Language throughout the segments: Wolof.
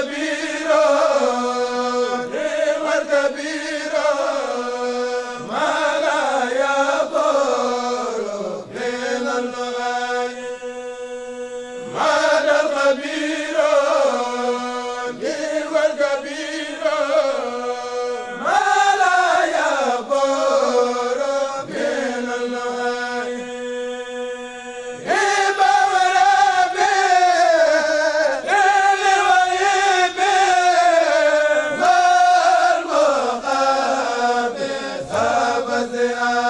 Kabira te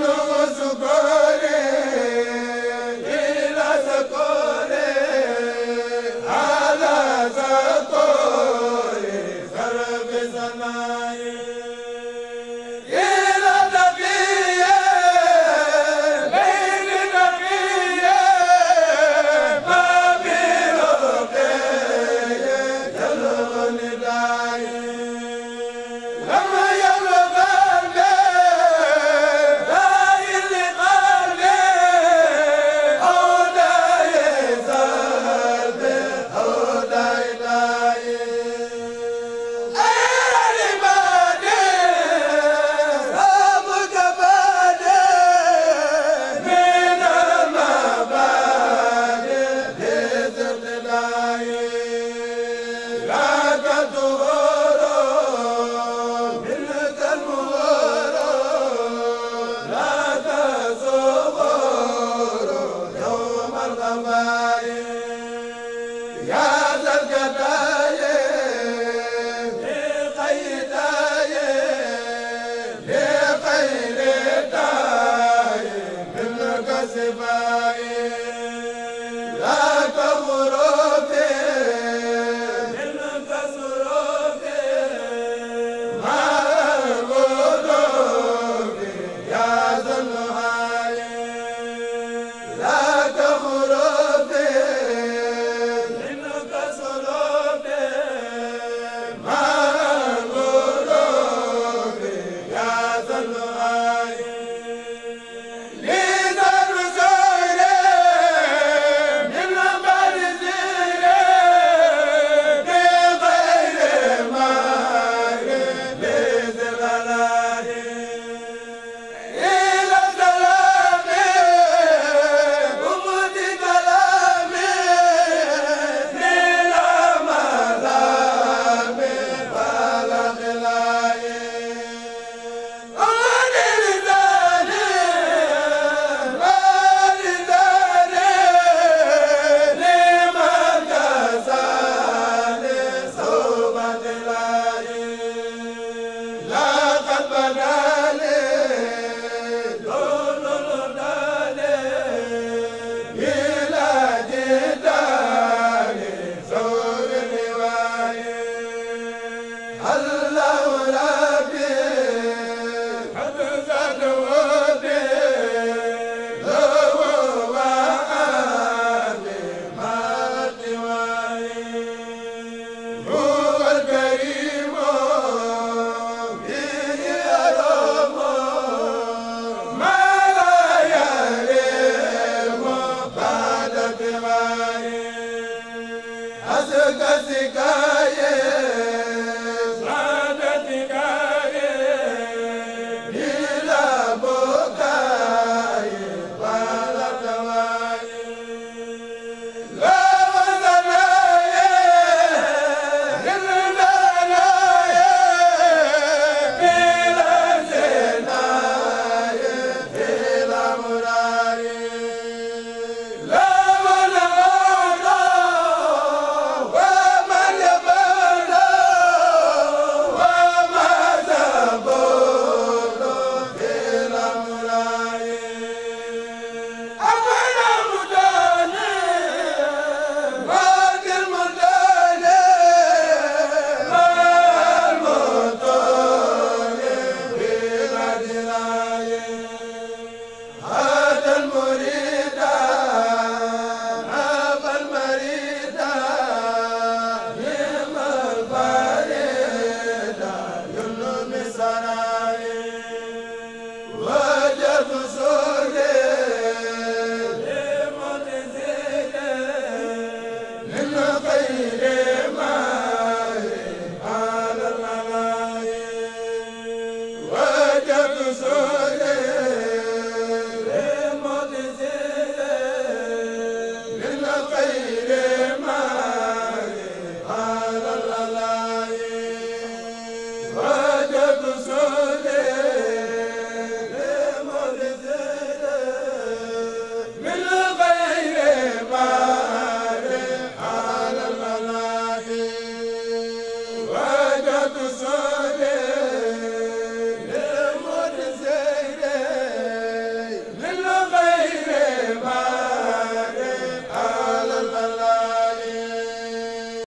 Yàlla ka